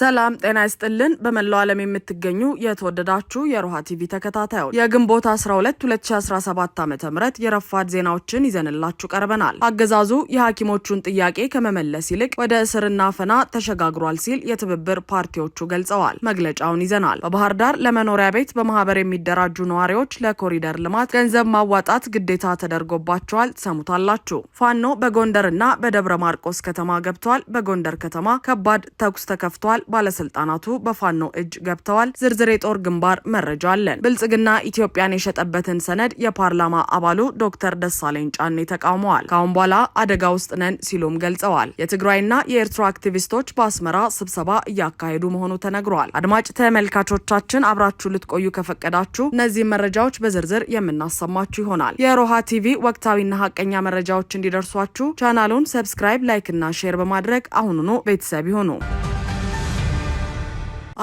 ሰላም ጤና ይስጥልን። በመላው ዓለም የምትገኙ የተወደዳችሁ የሮሃ ቲቪ ተከታታዮች የግንቦት 12 2017 ዓ ም የረፋድ ዜናዎችን ይዘንላችሁ ቀርበናል። አገዛዙ የሐኪሞቹን ጥያቄ ከመመለስ ይልቅ ወደ እስርና ፈና ተሸጋግሯል ሲል የትብብር ፓርቲዎቹ ገልጸዋል። መግለጫውን ይዘናል። በባህር ዳር ለመኖሪያ ቤት በማህበር የሚደራጁ ነዋሪዎች ለኮሪደር ልማት ገንዘብ ማዋጣት ግዴታ ተደርጎባቸዋል። ሰሙታላችሁ። ፋኖ በጎንደርና በደብረ ማርቆስ ከተማ ገብቷል። በጎንደር ከተማ ከባድ ተኩስ ተከፍቷል። ባለስልጣናቱ በፋኖ እጅ ገብተዋል። ዝርዝር የጦር ግንባር መረጃ አለን። ብልጽግና ኢትዮጵያን የሸጠበትን ሰነድ የፓርላማ አባሉ ዶክተር ደሳለኝ ጫኔ ተቃውመዋል። ከአሁን በኋላ አደጋ ውስጥ ነን ሲሉም ገልጸዋል። የትግራይና የኤርትራ አክቲቪስቶች በአስመራ ስብሰባ እያካሄዱ መሆኑ ተነግሯል። አድማጭ ተመልካቾቻችን አብራችሁ ልትቆዩ ከፈቀዳችሁ እነዚህ መረጃዎች በዝርዝር የምናሰማችሁ ይሆናል። የሮሃ ቲቪ ወቅታዊና ሀቀኛ መረጃዎች እንዲደርሷችሁ ቻናሉን ሰብስክራይብ፣ ላይክ እና ሼር በማድረግ አሁኑኑ ቤተሰብ ይሁኑ።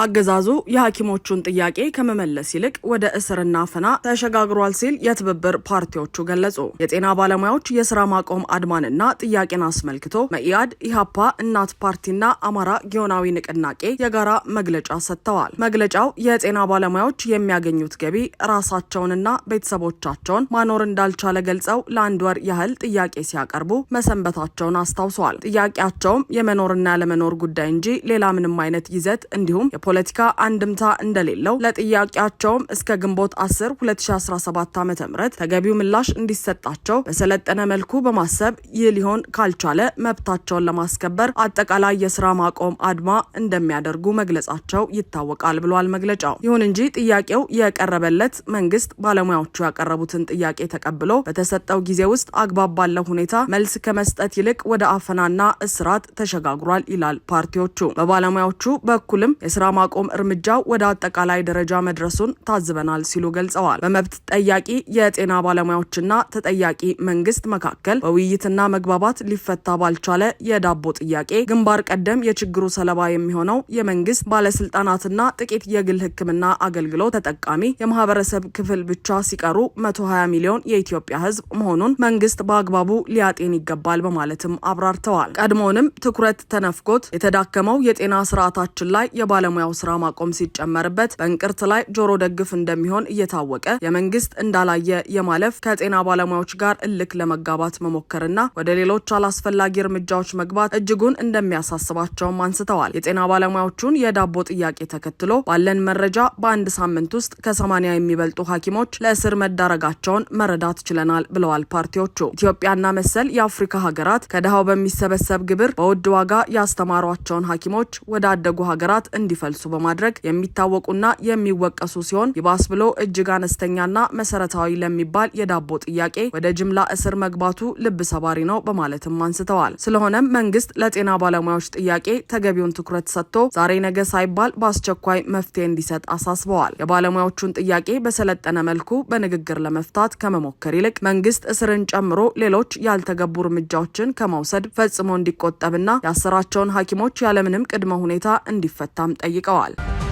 አገዛዙ የሐኪሞቹን ጥያቄ ከመመለስ ይልቅ ወደ እስርና ፈና ተሸጋግሯል ሲል የትብብር ፓርቲዎቹ ገለጹ። የጤና ባለሙያዎች የስራ ማቆም አድማንና ጥያቄን አስመልክቶ መኢአድ፣ ኢሃፓ፣ እናት ፓርቲና አማራ ጊዮናዊ ንቅናቄ የጋራ መግለጫ ሰጥተዋል። መግለጫው የጤና ባለሙያዎች የሚያገኙት ገቢ ራሳቸውንና ቤተሰቦቻቸውን ማኖር እንዳልቻለ ገልጸው ለአንድ ወር ያህል ጥያቄ ሲያቀርቡ መሰንበታቸውን አስታውሰዋል። ጥያቄያቸውም የመኖርና ያለመኖር ጉዳይ እንጂ ሌላ ምንም አይነት ይዘት እንዲሁም የፖለቲካ አንድምታ እንደሌለው ለጥያቄያቸውም እስከ ግንቦት 10 2017 ዓ ም ተገቢው ምላሽ እንዲሰጣቸው በሰለጠነ መልኩ በማሰብ ይህ ሊሆን ካልቻለ መብታቸውን ለማስከበር አጠቃላይ የስራ ማቆም አድማ እንደሚያደርጉ መግለጻቸው ይታወቃል ብሏል መግለጫው። ይሁን እንጂ ጥያቄው የቀረበለት መንግስት ባለሙያዎቹ ያቀረቡትን ጥያቄ ተቀብሎ በተሰጠው ጊዜ ውስጥ አግባብ ባለው ሁኔታ መልስ ከመስጠት ይልቅ ወደ አፈናና እስራት ተሸጋግሯል ይላል ፓርቲዎቹ። በባለሙያዎቹ በኩልም የስራ ማቆም እርምጃ ወደ አጠቃላይ ደረጃ መድረሱን ታዝበናል ሲሉ ገልጸዋል። በመብት ጠያቂ የጤና ባለሙያዎችና ተጠያቂ መንግስት መካከል በውይይትና መግባባት ሊፈታ ባልቻለ የዳቦ ጥያቄ ግንባር ቀደም የችግሩ ሰለባ የሚሆነው የመንግስት ባለስልጣናትና ጥቂት የግል ሕክምና አገልግሎት ተጠቃሚ የማህበረሰብ ክፍል ብቻ ሲቀሩ 120 ሚሊዮን የኢትዮጵያ ሕዝብ መሆኑን መንግስት በአግባቡ ሊያጤን ይገባል በማለትም አብራርተዋል። ቀድሞውንም ትኩረት ተነፍጎት የተዳከመው የጤና ስርዓታችን ላይ የባለሙያ ባለሙያው ስራ ማቆም ሲጨመርበት በእንቅርት ላይ ጆሮ ደግፍ እንደሚሆን እየታወቀ የመንግስት እንዳላየ የማለፍ ከጤና ባለሙያዎች ጋር እልክ ለመጋባት መሞከርና ወደ ሌሎች አላስፈላጊ እርምጃዎች መግባት እጅጉን እንደሚያሳስባቸውም አንስተዋል። የጤና ባለሙያዎቹን የዳቦ ጥያቄ ተከትሎ ባለን መረጃ በአንድ ሳምንት ውስጥ ከሰማኒያ የሚበልጡ ሐኪሞች ለእስር መዳረጋቸውን መረዳት ችለናል ብለዋል። ፓርቲዎቹ ኢትዮጵያና መሰል የአፍሪካ ሀገራት ከድሃው በሚሰበሰብ ግብር በውድ ዋጋ ያስተማሯቸውን ሐኪሞች ወደ አደጉ ሀገራት እንዲፈል እንዲያወልሱ በማድረግ የሚታወቁና የሚወቀሱ ሲሆን ይባስ ብሎ እጅግ አነስተኛና መሰረታዊ ለሚባል የዳቦ ጥያቄ ወደ ጅምላ እስር መግባቱ ልብ ሰባሪ ነው በማለትም አንስተዋል። ስለሆነም መንግስት ለጤና ባለሙያዎች ጥያቄ ተገቢውን ትኩረት ሰጥቶ ዛሬ ነገ ሳይባል በአስቸኳይ መፍትሄ እንዲሰጥ አሳስበዋል። የባለሙያዎቹን ጥያቄ በሰለጠነ መልኩ በንግግር ለመፍታት ከመሞከር ይልቅ መንግስት እስርን ጨምሮ ሌሎች ያልተገቡ እርምጃዎችን ከመውሰድ ፈጽሞ እንዲቆጠብና የአስራቸውን ሐኪሞች ያለምንም ቅድመ ሁኔታ እንዲፈታም ጠይቀዋል። Vika Oal.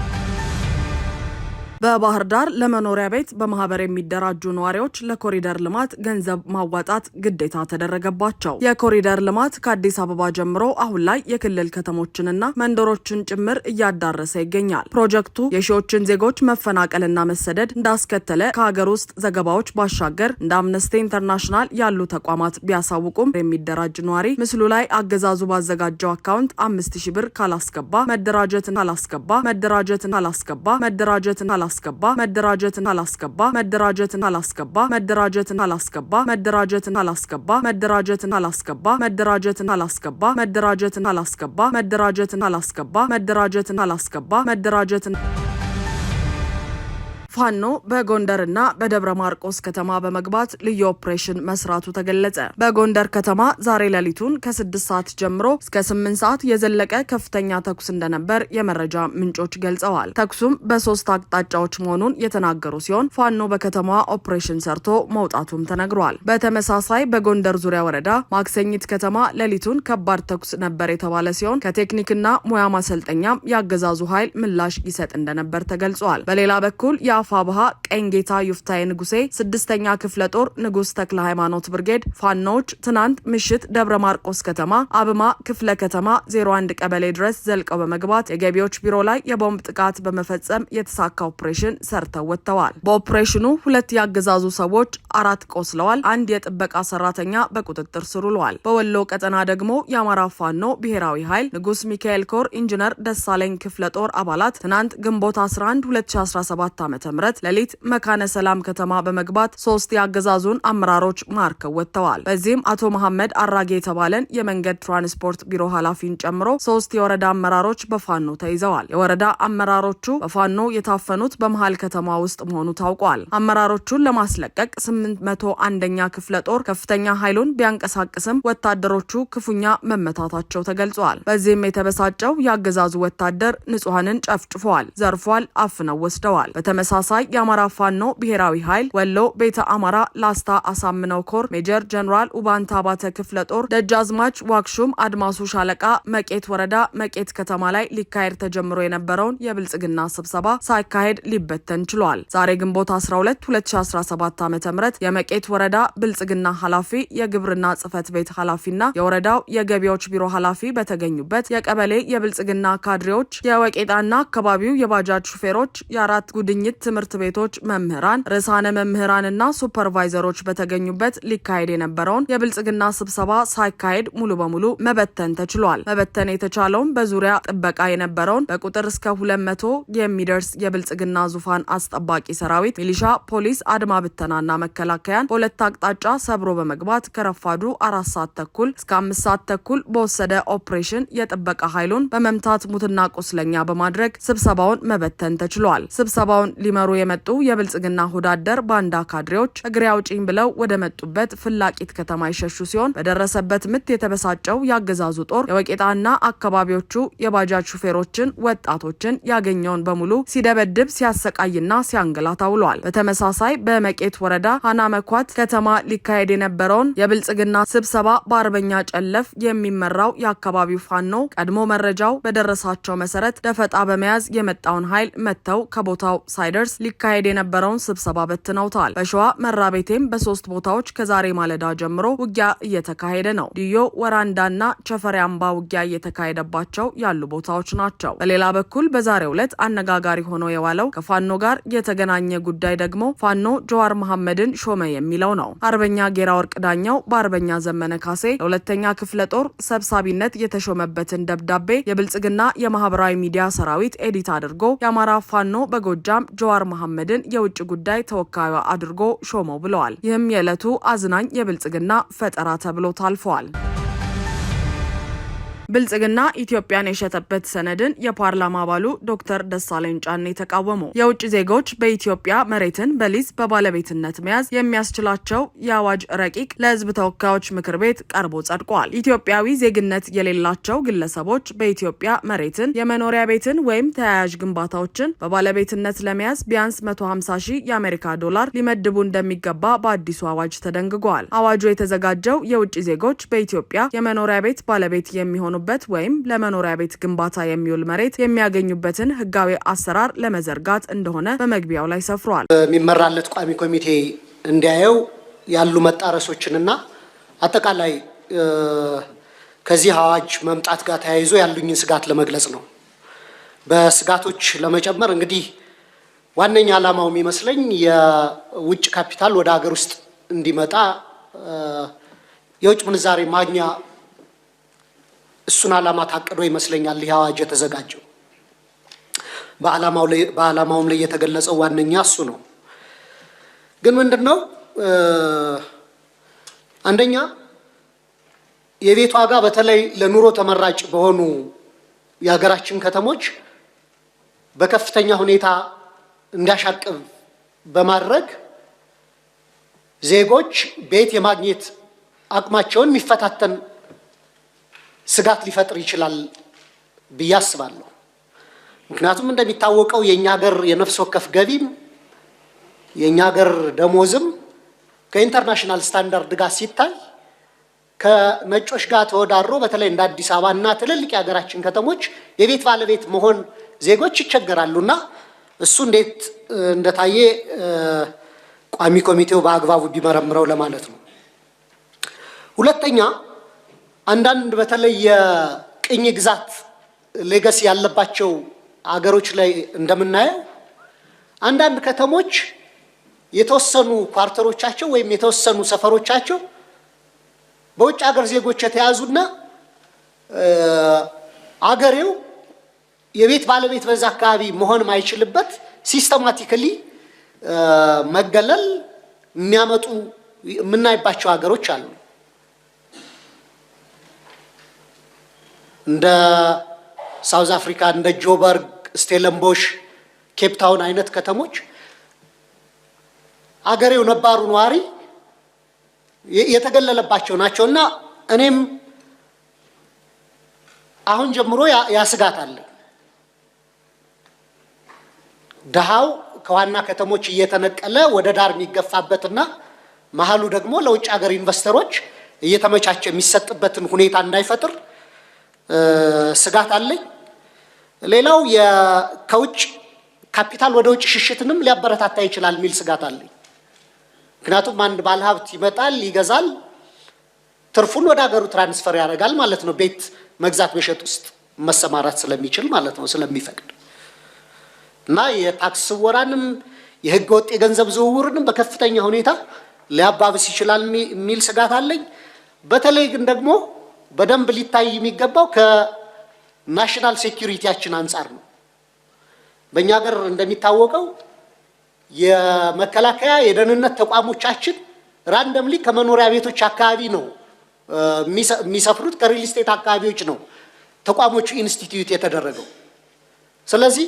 በባህር ዳር ለመኖሪያ ቤት በማህበር የሚደራጁ ነዋሪዎች ለኮሪደር ልማት ገንዘብ ማዋጣት ግዴታ ተደረገባቸው። የኮሪደር ልማት ከአዲስ አበባ ጀምሮ አሁን ላይ የክልል ከተሞችንና መንደሮችን ጭምር እያዳረሰ ይገኛል። ፕሮጀክቱ የሺዎችን ዜጎች መፈናቀልና መሰደድ እንዳስከተለ ከሀገር ውስጥ ዘገባዎች ባሻገር እንደ አምነስቲ ኢንተርናሽናል ያሉ ተቋማት ቢያሳውቁም የሚደራጅ ነዋሪ ምስሉ ላይ አገዛዙ ባዘጋጀው አካውንት አምስት ሺህ ብር ካላስገባ መደራጀትን ካላስገባ መደራጀትን ካላስገባ መደራጀትን ካላስ አላስገባ መደራጀትን አላስገባ መደራጀትን አላስገባ መደራጀትን አላስገባ መደራጀትን አላስገባ መደራጀትን አላስገባ መደራጀትን አላስገባ መደራጀትን አላስገባ መደራጀትን አላስገባ መደራጀትን አላስገባ መደራጀትን ፋኖ በጎንደርና በደብረ ማርቆስ ከተማ በመግባት ልዩ ኦፕሬሽን መስራቱ ተገለጸ። በጎንደር ከተማ ዛሬ ሌሊቱን ከስድስት ሰዓት ጀምሮ እስከ ስምንት ሰዓት የዘለቀ ከፍተኛ ተኩስ እንደነበር የመረጃ ምንጮች ገልጸዋል። ተኩሱም በሶስት አቅጣጫዎች መሆኑን የተናገሩ ሲሆን ፋኖ በከተማዋ ኦፕሬሽን ሰርቶ መውጣቱም ተነግሯል። በተመሳሳይ በጎንደር ዙሪያ ወረዳ ማክሰኝት ከተማ ሌሊቱን ከባድ ተኩስ ነበር የተባለ ሲሆን ከቴክኒክና ሙያ ማሰልጠኛም ያገዛዙ ኃይል ምላሽ ይሰጥ እንደነበር ተገልጿል። በሌላ በኩል የአፋ አፋብሃ ቀኝ ጌታ ዩፍታዬ ንጉሴ ስድስተኛ ክፍለ ጦር ንጉስ ተክለ ሃይማኖት ብርጌድ ፋኖዎች ትናንት ምሽት ደብረ ማርቆስ ከተማ አብማ ክፍለ ከተማ 01 ቀበሌ ድረስ ዘልቀው በመግባት የገቢዎች ቢሮ ላይ የቦምብ ጥቃት በመፈጸም የተሳካ ኦፕሬሽን ሰርተው ወጥተዋል። በኦፕሬሽኑ ሁለት ያገዛዙ ሰዎች አራት ቆስለዋል። አንድ የጥበቃ ሰራተኛ በቁጥጥር ስር ውሏል። በወሎ ቀጠና ደግሞ የአማራ ፋኖ ብሔራዊ ኃይል ንጉስ ሚካኤል ኮር ኢንጂነር ደሳለኝ ክፍለ ጦር አባላት ትናንት ግንቦት 11 2017 ዓ ሌሊት መካነ ሰላም ከተማ በመግባት ሶስት የአገዛዙን አመራሮች ማርከው ወጥተዋል። በዚህም አቶ መሐመድ አራጌ የተባለን የመንገድ ትራንስፖርት ቢሮ ኃላፊን ጨምሮ ሶስት የወረዳ አመራሮች በፋኖ ተይዘዋል። የወረዳ አመራሮቹ በፋኖ የታፈኑት በመሀል ከተማ ውስጥ መሆኑ ታውቋል። አመራሮቹን ለማስለቀቅ ስምንት መቶ አንደኛ ክፍለ ጦር ከፍተኛ ኃይሉን ቢያንቀሳቅስም ወታደሮቹ ክፉኛ መመታታቸው ተገልጿል። በዚህም የተበሳጨው የአገዛዙ ወታደር ንጹሐንን ጨፍጭፈዋል፣ ዘርፏል፣ አፍነው ወስደዋል። በተመሳ በተመሳሳይ የአማራ ፋኖ ብሔራዊ ኃይል ወሎ ቤተ አማራ ላስታ አሳምነው ኮር ሜጀር ጀኔራል ኡባንታ አባተ ክፍለ ጦር ደጃዝማች ዋክሹም አድማሱ ሻለቃ መቄት ወረዳ መቄት ከተማ ላይ ሊካሄድ ተጀምሮ የነበረውን የብልጽግና ስብሰባ ሳይካሄድ ሊበተን ችሏል። ዛሬ ግንቦት 12 2017 ዓ ም የመቄት ወረዳ ብልጽግና ኃላፊ የግብርና ጽህፈት ቤት ኃላፊና የወረዳው የገቢዎች ቢሮ ኃላፊ በተገኙበት የቀበሌ የብልጽግና ካድሬዎች የወቄጣና አካባቢው የባጃጅ ሹፌሮች የአራት ጉድኝት ትምህርት ቤቶች መምህራን፣ ርዕሳነ መምህራንና ሱፐርቫይዘሮች በተገኙበት ሊካሄድ የነበረውን የብልጽግና ስብሰባ ሳይካሄድ ሙሉ በሙሉ መበተን ተችሏል። መበተን የተቻለውም በዙሪያ ጥበቃ የነበረውን በቁጥር እስከ ሁለት መቶ የሚደርስ የብልጽግና ዙፋን አስጠባቂ ሰራዊት፣ ሚሊሻ፣ ፖሊስ፣ አድማ ብተናና መከላከያን በሁለት አቅጣጫ ሰብሮ በመግባት ከረፋዱ አራት ሰዓት ተኩል እስከ አምስት ሰዓት ተኩል በወሰደ ኦፕሬሽን የጥበቃ ኃይሉን በመምታት ሙትና ቁስለኛ በማድረግ ስብሰባውን መበተን ተችሏል። ስብሰባውን ሊመ ሊመሩ የመጡ የብልጽግና ሆዳደር ባንዳ ካድሬዎች እግሬ አውጪኝ ብለው ወደ መጡበት ፍላቂት ከተማ ይሸሹ ሲሆን በደረሰበት ምት የተበሳጨው የአገዛዙ ጦር የወቄጣና አካባቢዎቹ የባጃጅ ሹፌሮችን፣ ወጣቶችን ያገኘውን በሙሉ ሲደበድብ ሲያሰቃይና ሲያንገላታ ውሏል። በተመሳሳይ በመቄት ወረዳ ሀና መኳት ከተማ ሊካሄድ የነበረውን የብልጽግና ስብሰባ በአርበኛ ጨለፍ የሚመራው የአካባቢው ፋኖ ቀድሞ መረጃው በደረሳቸው መሰረት ደፈጣ በመያዝ የመጣውን ኃይል መጥተው ከቦታው ሳይደርስ ሲደርስ ሊካሄድ የነበረውን ስብሰባ በትነውታል። በሸዋ መራቤቴም በሶስት ቦታዎች ከዛሬ ማለዳ ጀምሮ ውጊያ እየተካሄደ ነው። ድዮ ወራንዳና ቸፈሪ አምባ ውጊያ እየተካሄደባቸው ያሉ ቦታዎች ናቸው። በሌላ በኩል በዛሬው ዕለት አነጋጋሪ ሆኖ የዋለው ከፋኖ ጋር የተገናኘ ጉዳይ ደግሞ ፋኖ ጀዋር መሐመድን ሾመ የሚለው ነው። አርበኛ ጌራ ወርቅ ዳኛው በአርበኛ ዘመነ ካሴ ለሁለተኛ ክፍለ ጦር ሰብሳቢነት የተሾመበትን ደብዳቤ የብልጽግና የማህበራዊ ሚዲያ ሰራዊት ኤዲት አድርጎ የአማራ ፋኖ በጎጃም ጀዋር ጀዋር መሐመድን የውጭ ጉዳይ ተወካዩ አድርጎ ሾመው ብለዋል። ይህም የዕለቱ አዝናኝ የብልጽግና ፈጠራ ተብሎ ታልፈዋል። ብልጽግና ኢትዮጵያን የሸጠበት ሰነድን የፓርላማ አባሉ ዶክተር ደሳለኝ ጫኔ ተቃወሙ። የውጭ ዜጎች በኢትዮጵያ መሬትን በሊዝ በባለቤትነት መያዝ የሚያስችላቸው የአዋጅ ረቂቅ ለሕዝብ ተወካዮች ምክር ቤት ቀርቦ ጸድቋል። ኢትዮጵያዊ ዜግነት የሌላቸው ግለሰቦች በኢትዮጵያ መሬትን፣ የመኖሪያ ቤትን ወይም ተያያዥ ግንባታዎችን በባለቤትነት ለመያዝ ቢያንስ 150 ሺህ የአሜሪካ ዶላር ሊመድቡ እንደሚገባ በአዲሱ አዋጅ ተደንግጓል። አዋጁ የተዘጋጀው የውጭ ዜጎች በኢትዮጵያ የመኖሪያ ቤት ባለቤት የሚሆኑ የሚሆኑበት ወይም ለመኖሪያ ቤት ግንባታ የሚውል መሬት የሚያገኙበትን ህጋዊ አሰራር ለመዘርጋት እንደሆነ በመግቢያው ላይ ሰፍሯል። የሚመራለት ቋሚ ኮሚቴ እንዲያየው ያሉ መጣረሶችንና አጠቃላይ ከዚህ አዋጅ መምጣት ጋር ተያይዞ ያሉኝን ስጋት ለመግለጽ ነው። በስጋቶች ለመጨመር እንግዲህ ዋነኛ ዓላማው የሚመስለኝ የውጭ ካፒታል ወደ ሀገር ውስጥ እንዲመጣ የውጭ ምንዛሬ ማግኛ እሱን ዓላማ ታቅዶ ይመስለኛል ይህ አዋጅ የተዘጋጀው። በዓላማውም ላይ የተገለጸው ዋነኛ እሱ ነው። ግን ምንድን ነው አንደኛ የቤት ዋጋ በተለይ ለኑሮ ተመራጭ በሆኑ የሀገራችን ከተሞች በከፍተኛ ሁኔታ እንዲያሻቅብ በማድረግ ዜጎች ቤት የማግኘት አቅማቸውን የሚፈታተን ስጋት ሊፈጥር ይችላል ብዬ አስባለሁ። ምክንያቱም እንደሚታወቀው የእኛ ሀገር የነፍስ ወከፍ ገቢም የእኛ ሀገር ደሞዝም ከኢንተርናሽናል ስታንዳርድ ጋር ሲታይ ከነጮች ጋር ተወዳድሮ በተለይ እንደ አዲስ አበባ እና ትልልቅ የሀገራችን ከተሞች የቤት ባለቤት መሆን ዜጎች ይቸገራሉ እና እሱ እንዴት እንደታየ ቋሚ ኮሚቴው በአግባቡ ቢመረምረው ለማለት ነው። ሁለተኛ አንዳንድ በተለይ የቅኝ ግዛት ሌገሲ ያለባቸው አገሮች ላይ እንደምናየው አንዳንድ ከተሞች የተወሰኑ ኳርተሮቻቸው ወይም የተወሰኑ ሰፈሮቻቸው በውጭ ሀገር ዜጎች የተያዙና አገሬው የቤት ባለቤት በዛ አካባቢ መሆን ማይችልበት ሲስተማቲካሊ መገለል የሚያመጡ የምናይባቸው ሀገሮች አሉ። እንደ ሳውዝ አፍሪካ እንደ ጆበርግ፣ ስቴለንቦሽ፣ ኬፕታውን አይነት ከተሞች አገሬው ነባሩ ነዋሪ የተገለለባቸው ናቸው እና እኔም አሁን ጀምሮ ያስጋት አለ። ድሃው ከዋና ከተሞች እየተነቀለ ወደ ዳር የሚገፋበትና መሀሉ ደግሞ ለውጭ ሀገር ኢንቨስተሮች እየተመቻቸ የሚሰጥበትን ሁኔታ እንዳይፈጥር ስጋት አለኝ። ሌላው ከውጭ ካፒታል ወደ ውጭ ሽሽትንም ሊያበረታታ ይችላል የሚል ስጋት አለኝ። ምክንያቱም አንድ ባለሀብት ይመጣል፣ ይገዛል፣ ትርፉን ወደ ሀገሩ ትራንስፈር ያደርጋል ማለት ነው። ቤት መግዛት መሸጥ ውስጥ መሰማራት ስለሚችል ማለት ነው ስለሚፈቅድ እና የታክስ ስወራንም የህገ ወጥ የገንዘብ ዝውውርንም በከፍተኛ ሁኔታ ሊያባብስ ይችላል የሚል ስጋት አለኝ። በተለይ ግን ደግሞ በደንብ ሊታይ የሚገባው ከናሽናል ሴኪሪቲያችን አንጻር ነው። በእኛ ሀገር እንደሚታወቀው የመከላከያ የደህንነት ተቋሞቻችን ራንደምሊ ከመኖሪያ ቤቶች አካባቢ ነው የሚሰፍሩት፣ ከሪል ስቴት አካባቢዎች ነው ተቋሞቹ ኢንስቲትዩት የተደረገው። ስለዚህ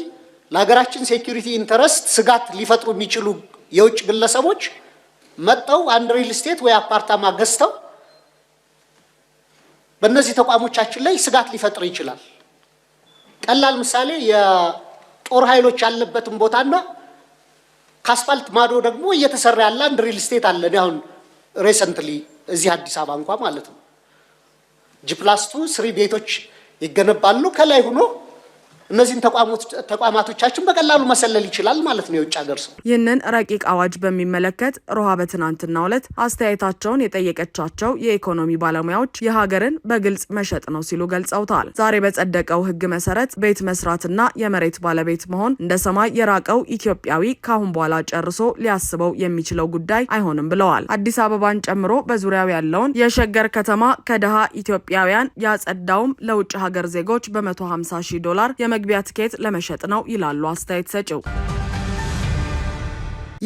ለሀገራችን ሴኪሪቲ ኢንተረስት ስጋት ሊፈጥሩ የሚችሉ የውጭ ግለሰቦች መጠው አንድ ሪል ስቴት ወይ አፓርታማ ገዝተው በእነዚህ ተቋሞቻችን ላይ ስጋት ሊፈጥር ይችላል። ቀላል ምሳሌ የጦር ኃይሎች ያለበትን ቦታና ከአስፋልት ማዶ ደግሞ እየተሰራ ያለ አንድ ሪል ስቴት አለ። አሁን ሬሰንትሊ እዚህ አዲስ አበባ እንኳ ማለት ነው ጂፕላስቱ ስሪ ቤቶች ይገነባሉ ከላይ ሆኖ እነዚህን ተቋማቶቻችን በቀላሉ መሰለል ይችላል ማለት ነው የውጭ ሀገር ሰው። ይህንን ረቂቅ አዋጅ በሚመለከት ሮሃ በትናንትናው ዕለት አስተያየታቸውን የጠየቀቻቸው የኢኮኖሚ ባለሙያዎች የሀገርን በግልጽ መሸጥ ነው ሲሉ ገልጸውታል። ዛሬ በጸደቀው ሕግ መሰረት ቤት መስራትና የመሬት ባለቤት መሆን እንደ ሰማይ የራቀው ኢትዮጵያዊ ካሁን በኋላ ጨርሶ ሊያስበው የሚችለው ጉዳይ አይሆንም ብለዋል። አዲስ አበባን ጨምሮ በዙሪያው ያለውን የሸገር ከተማ ከድሃ ኢትዮጵያውያን ያጸዳውም ለውጭ ሀገር ዜጎች በ150 ሺህ ዶላር የመግቢያ ትኬት ለመሸጥ ነው ይላሉ አስተያየት ሰጪው።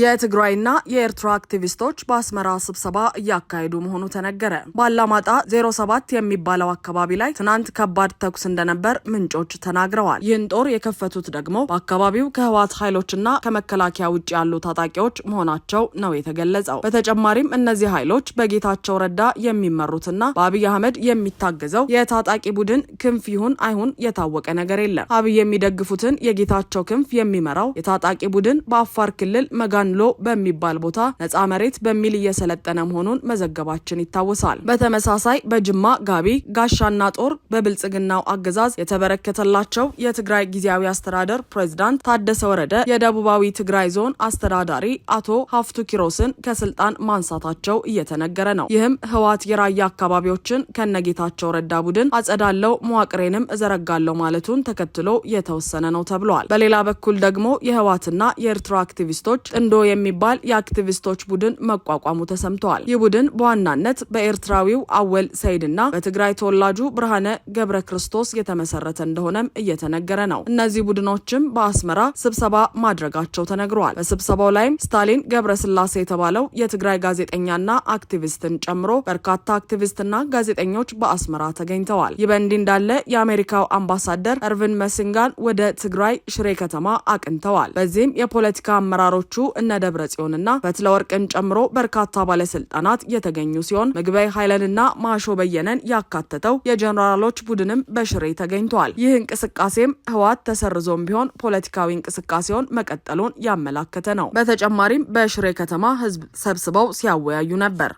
የትግራይና የኤርትራ አክቲቪስቶች በአስመራ ስብሰባ እያካሄዱ መሆኑ ተነገረ። ባላማጣ 07 የሚባለው አካባቢ ላይ ትናንት ከባድ ተኩስ እንደነበር ምንጮች ተናግረዋል። ይህን ጦር የከፈቱት ደግሞ በአካባቢው ከህወሓት ኃይሎችና ከመከላከያ ውጭ ያሉ ታጣቂዎች መሆናቸው ነው የተገለጸው። በተጨማሪም እነዚህ ኃይሎች በጌታቸው ረዳ የሚመሩትና በአብይ አህመድ የሚታገዘው የታጣቂ ቡድን ክንፍ ይሁን አይሁን የታወቀ ነገር የለም። አብይ የሚደግፉትን የጌታቸው ክንፍ የሚመራው የታጣቂ ቡድን በአፋር ክልል መጋ። ዳንሎ በሚባል ቦታ ነጻ መሬት በሚል እየሰለጠነ መሆኑን መዘገባችን ይታወሳል። በተመሳሳይ በጅማ ጋቢ፣ ጋሻና ጦር በብልጽግናው አገዛዝ የተበረከተላቸው የትግራይ ጊዜያዊ አስተዳደር ፕሬዝዳንት ታደሰ ወረደ የደቡባዊ ትግራይ ዞን አስተዳዳሪ አቶ ሀፍቱ ኪሮስን ከስልጣን ማንሳታቸው እየተነገረ ነው። ይህም ህወሓት የራያ አካባቢዎችን ከነጌታቸው ረዳ ቡድን አጸዳለው መዋቅሬንም እዘረጋለው ማለቱን ተከትሎ የተወሰነ ነው ተብሏል። በሌላ በኩል ደግሞ የህወሓትና የኤርትራ አክቲቪስቶች ጥንዶ ኮማንዶ የሚባል የአክቲቪስቶች ቡድን መቋቋሙ ተሰምተዋል። ይህ ቡድን በዋናነት በኤርትራዊው አወል ሰይድና በትግራይ ተወላጁ ብርሃነ ገብረ ክርስቶስ የተመሰረተ እንደሆነም እየተነገረ ነው። እነዚህ ቡድኖችም በአስመራ ስብሰባ ማድረጋቸው ተነግረዋል። በስብሰባው ላይም ስታሊን ገብረስላሴ የተባለው የትግራይ ጋዜጠኛና አክቲቪስትን ጨምሮ በርካታ አክቲቪስትና ጋዜጠኞች በአስመራ ተገኝተዋል። ይህ በእንዲህ እንዳለ የአሜሪካው አምባሳደር እርቪን መሲንጋን ወደ ትግራይ ሽሬ ከተማ አቅንተዋል። በዚህም የፖለቲካ አመራሮቹ እነ ደብረ ጽዮንና በትለ ወርቅን ጨምሮ በርካታ ባለስልጣናት የተገኙ ሲሆን ምግበይ ኃይለንና ማሾ በየነን ያካተተው የጀኔራሎች ቡድንም በሽሬ ተገኝተዋል። ይህ እንቅስቃሴም ህወሓት ተሰርዞም ቢሆን ፖለቲካዊ እንቅስቃሴውን መቀጠሉን ያመላከተ ነው። በተጨማሪም በሽሬ ከተማ ህዝብ ሰብስበው ሲያወያዩ ነበር።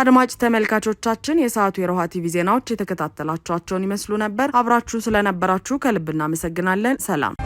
አድማጭ ተመልካቾቻችን የሰዓቱ የሮሃ ቲቪ ዜናዎች የተከታተላችኋቸውን ይመስሉ ነበር። አብራችሁ ስለነበራችሁ ከልብ እናመሰግናለን። ሰላም